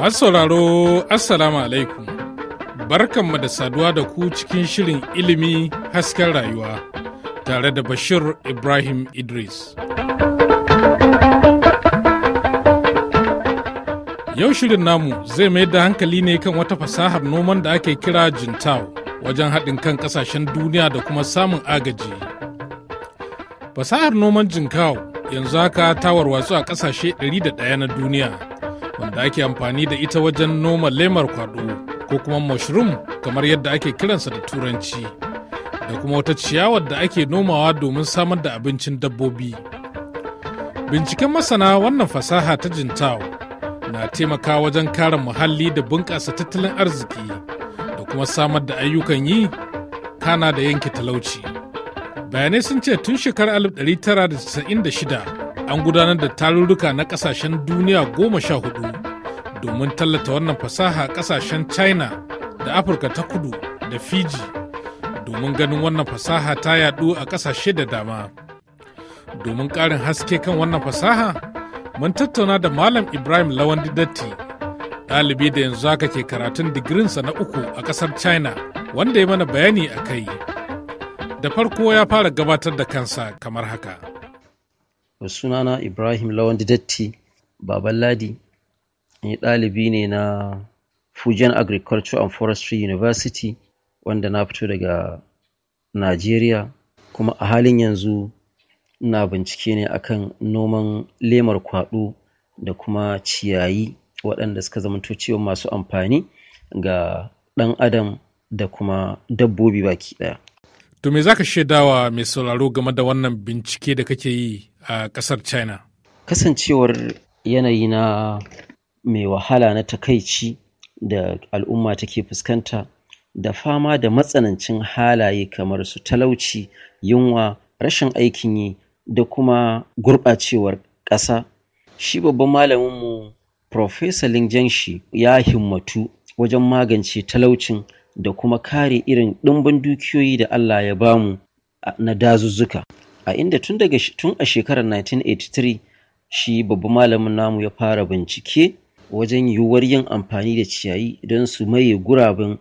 Masu sauraro Assalamu alaikum barkanmu da saduwa da ku cikin shirin ilimi hasken rayuwa tare da Bashir Ibrahim Idris. Yau shirin namu zai mai da hankali ne kan wata fasahar noman da ake kira jintao wajen haɗin kan ƙasashen duniya da kuma samun agaji. fasahar noman jinkawo yanzu haka ta warwatsu a kasashe 101 na duniya wanda ake amfani da ita wajen noma lemar kwado ko kuma mushroom kamar yadda ake kiransa da turanci da kuma wata ciyawar da ake nomawa domin samar da abincin dabbobi binciken masana wannan fasaha ta jintawo na taimakawa wajen kare muhalli da bunƙasa tattalin arziki da kuma samar da ayyukan yi kana da yanke talauci. bayanai sun ce tun shekarar 1996 an gudanar da tarurruka na kasashen duniya goma sha hudu domin tallata wannan fasaha kasashen china da afirka ta kudu da fiji domin ganin wannan fasaha ta yadu a kasashe da dama domin karin haske kan wannan fasaha mun tattauna da malam ibrahim lawan datti ɗalibi da yanzu haka ke karatun digirinsa na uku a ƙasar china wanda ya mana bayani a kai. Da farko ya fara gabatar da kansa kamar haka. Sunana Ibrahim Lawan Didatti Baban Ladi, ni ɗalibi ne na Fujian Agriculture and Forestry University wanda na fito daga Najeriya kuma a halin yanzu na bincike ne akan noman lemar kwaɗo da kuma ciyayi waɗanda suka zamanto cewa masu amfani ga ɗan adam da kuma dabbobi baki ɗaya. To me ka shaidawa mai sauraro game da wannan bincike da kake yi a ƙasar China? Kasancewar yanayi na mai wahala na takaici da al'umma take fuskanta da fama da matsanancin halaye kamar su talauci, yunwa, rashin aikin yi da kuma gurɓacewar ƙasa. Shi babban malaminmu Profesa Lingjanshi ya himmatu wajen magance talaucin da kuma kare irin ɗimbin dukiyoyi da Allah ya bamu na dazuzzuka a inda tun daga tun a shekarar 1983 shi babban malamin namu ya fara bincike wajen yiwuwar yin amfani da ciyayi don su maye guraben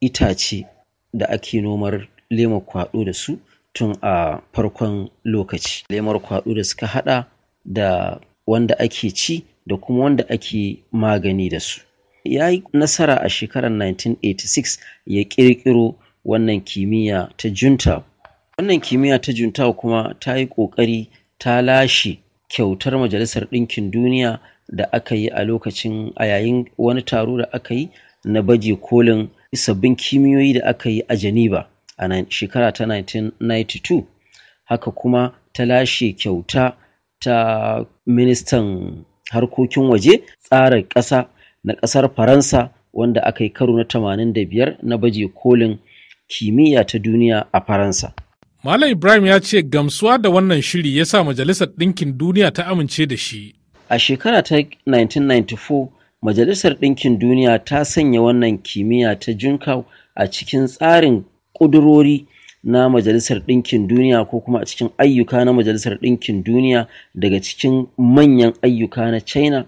itace da ake nomar lemar kwaɗo da su tun a farkon lokaci lemar kwaɗo da suka haɗa da wanda ake ci da kuma wanda ake magani da su ya yi nasara a shekarar 1986 ya ƙirƙiro wannan kimiyya ta junta wannan kimiyya ta junta kuma ta yi ƙoƙari ta lashe kyautar majalisar ɗinkin duniya da aka yi a lokacin a yayin wani taro da aka yi na baje kolin sabbin kimiyoyi da aka yi a geneva a shekara ta 1992 haka kuma ta lashe kyauta ta ministan harkokin waje tsarin ƙasa na ƙasar Faransa wanda aka yi karo na 85 na baje kolin kimiyya ta duniya a Faransa. Malam Ibrahim ya ce gamsuwa da wannan shiri ya sa Majalisar Ɗinkin Duniya ta amince da shi. A shekara ta 1994, Majalisar Ɗinkin Duniya ta sanya wannan kimiyya ta junka a cikin tsarin ƙudurori na Majalisar Ɗinkin Duniya ko kuma a cikin ayyuka na Majalisar Ɗinkin Duniya daga cikin manyan ayyuka na China.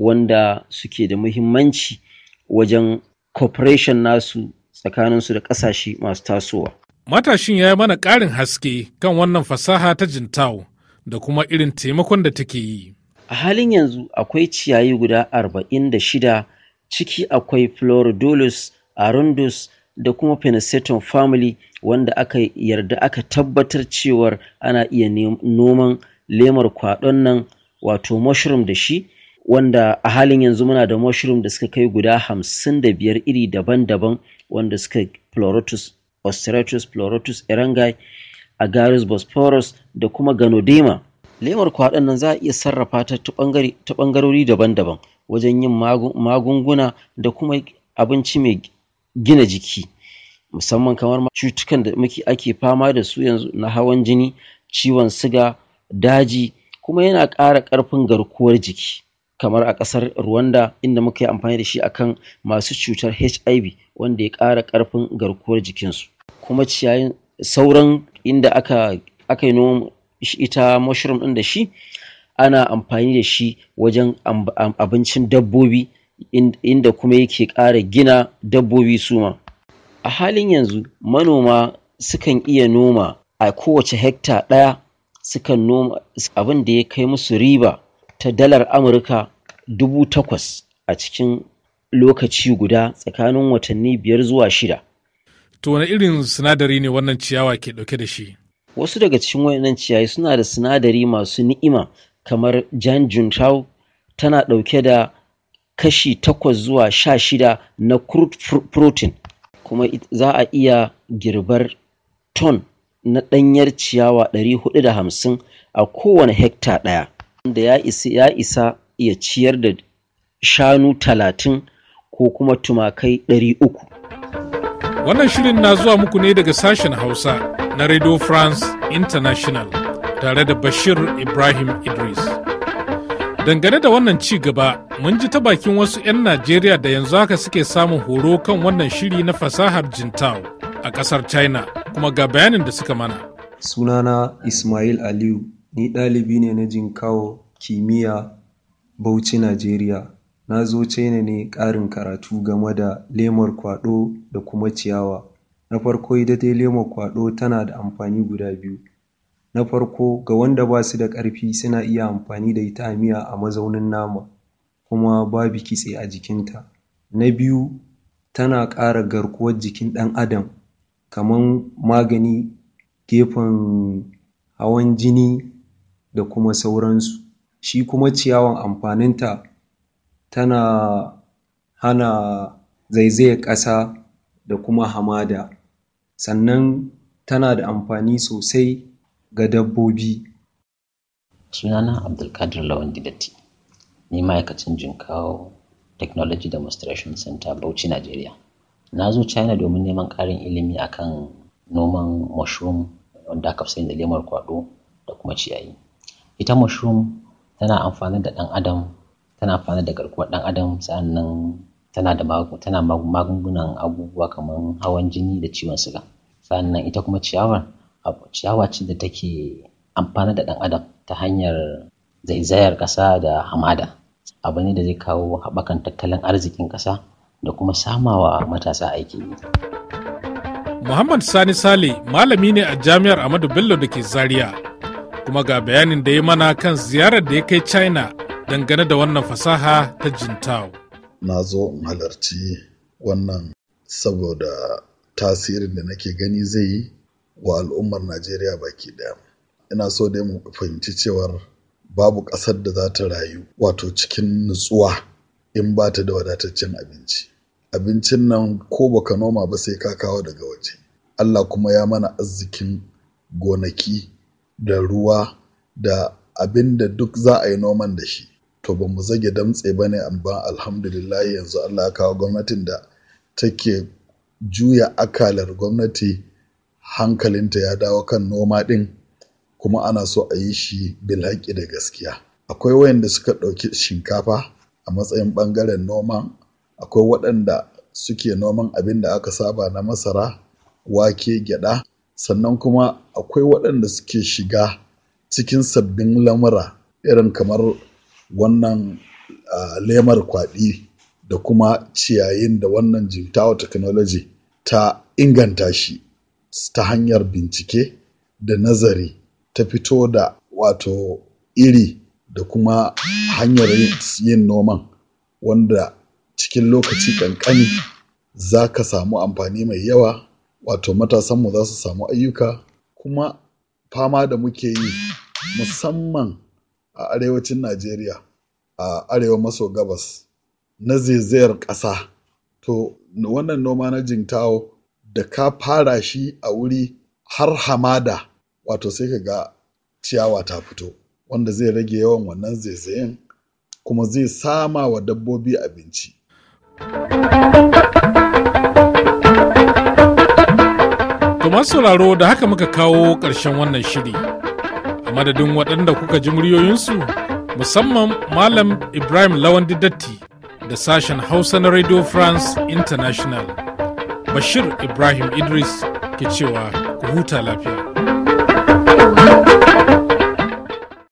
wanda suke da muhimmanci wajen cooperation nasu tsakaninsu da ƙasashe masu tasowa. Matashin ya yi mana ƙarin haske kan wannan fasaha ta Jintao da kuma irin taimakon da take yi. A halin yanzu akwai ciyayi guda arba'in da shida ciki akwai Floridolus, Arundus da kuma Penicetum family wanda aka yarda aka tabbatar cewar ana iya noman lemar kwaɗon nan wato mushroom da shi wanda a halin yanzu muna da mushroom da suka kai guda hamsin da biyar iri daban-daban wanda suka pleurotus ostratus, pleurotus erangai agarus bosporus da kuma ganodema lemar kwaɗan nan za a iya sarrafa ta ta ɓangarori daban-daban wajen yin magunguna da kuma abinci mai gina jiki musamman kamar cutukan da muke ake fama da su yanzu na hawan jini ciwon siga daji kuma yana ƙara ƙarfin garkuwar jiki kamar a ƙasar Rwanda inda muka yi amfani da shi akan masu cutar HIV wanda ya ƙara ƙarfin garkuwar jikinsu. Kuma ciyayin sauran inda aka yi noman ita mushroom ɗin da shi ana amfani da shi wajen abincin dabbobi inda kuma yake ƙara gina dabbobi suma. A halin yanzu manoma sukan iya noma a kowace hekta ɗaya sukan noma abin da ya kai musu riba ta dalar amurka dubu takwas a cikin lokaci guda tsakanin watanni biyar zuwa shida to wani irin sinadari ne wannan ciyawa ke dauke da shi wasu daga cikin wannan ciyayi suna da sinadari masu ni'ima kamar jan juntau tana dauke da kashi takwas zuwa sha shida na crude protein kuma za a iya girbar ton na ɗanyar ciyawa 450 a kowane hekta ɗaya da ya isa ya isa ya ciyar da shanu talatin ko kuma tumakai ɗari uku. Wannan shirin na zuwa muku ne daga sashen Hausa na Radio France International tare da Bashir Ibrahim Idris. Dangane da wannan ci gaba, mun ji ta bakin wasu 'yan Najeriya da yanzu haka suke samun horo kan wannan shiri na fasahar Jintao a ƙasar China, kuma ga bayanin da suka mana. Sunana Ismail Aliyu Ni ɗalibi ne na Jinkawo kimiyya, Bauchi, Najeriya. Na zo China ne ƙarin karatu game da lemar kwaɗo da kuma ciyawa. Na farko, ita dai lemar kwaɗo tana da amfani guda biyu. Na farko, ga wanda ba su da ƙarfi suna iya amfani da ita a miya a mazaunin nama, kuma babu kitse a jikinta. Na biyu, tana ƙara garkuwar jikin ɗan adam, kamar magani gefen hawan jini da kuma sauransu shi kuma ciyawan amfaninta tana hana zaizayar ƙasa da kuma hamada sannan tana da amfani sosai ga dabbobi sunana abdulkadir lawan Gidatti, ni ma'aikacin jinkawo technology demonstration center bauchi nigeria na zo china domin neman ƙarin ilimi akan noman mushroom wanda aka fi sani da lemar kwado da kuma ciyayi ita mushroom tana amfani da ɗan adam tana amfani da garkuwar ɗan adam sannan tana da tana magungunan abubuwa kamar hawan jini da ciwon siga sannan ita kuma ciyawar ciyawa ce da take amfani da ɗan adam ta hanyar zaizayar ƙasa da hamada abu ne da zai kawo haɓakan tattalin arzikin ƙasa da kuma samawa matasa aiki. Muhammad Sani Sale malami ne a jami'ar Ahmadu Bello da ke Zaria. kuma ga bayanin da ya mana kan ziyarar da ya kai china dangane da wannan fasaha ta jintao na zo in halarci wannan saboda tasirin da nake gani zai yi wa al'ummar najeriya baki daya ina so dai mu fahimci cewar babu ƙasar da za ta rayu wato cikin nutsuwa in ba ta da wadataccen abinci abincin nan ko baka noma ba sai ka kawo daga waje allah kuma ya mana arzikin gonaki da ruwa da abin da duk za a yi noman da shi to ba mu zage damtse ba ne amma alhamdulillah yanzu Allah ya kawo gwamnatin da take juya akalar gwamnati hankalinta ya dawo kan noma ɗin kuma ana so a yi shi bilhaƙi da gaskiya akwai wayanda suka ɗauki shinkafa a matsayin ɓangaren noman, akwai waɗanda suke noman abin da aka saba na masara wake gyaɗa sannan kuma akwai waɗanda suke shiga cikin sabbin lamura irin kamar wannan lemar kwaɗi da kuma ciyayin da wannan jimtawa technology ta inganta shi ta hanyar bincike da nazari ta fito da wato iri da kuma hanyar yin noman wanda cikin lokaci ƙanƙani za ka samu amfani mai yawa wato matasanmu za su samu ayyuka kuma fama da muke yi musamman a arewacin najeriya a arewa maso gabas na zaizayar ƙasa to wannan noma na jintawo da ka fara shi a wuri har hamada wato sai ka ga ciyawa ta fito wanda zai rage yawan wannan zaizayen kuma zai sama wa dabbobi abinci. masu sauraro da haka muka kawo ƙarshen wannan shiri. A madadin waɗanda kuka ji muryoyinsu musamman Malam Ibrahim Lawan Datti da sashen Hausa na Radio France International. Bashir Ibrahim Idris ke cewa ku huta lafiya.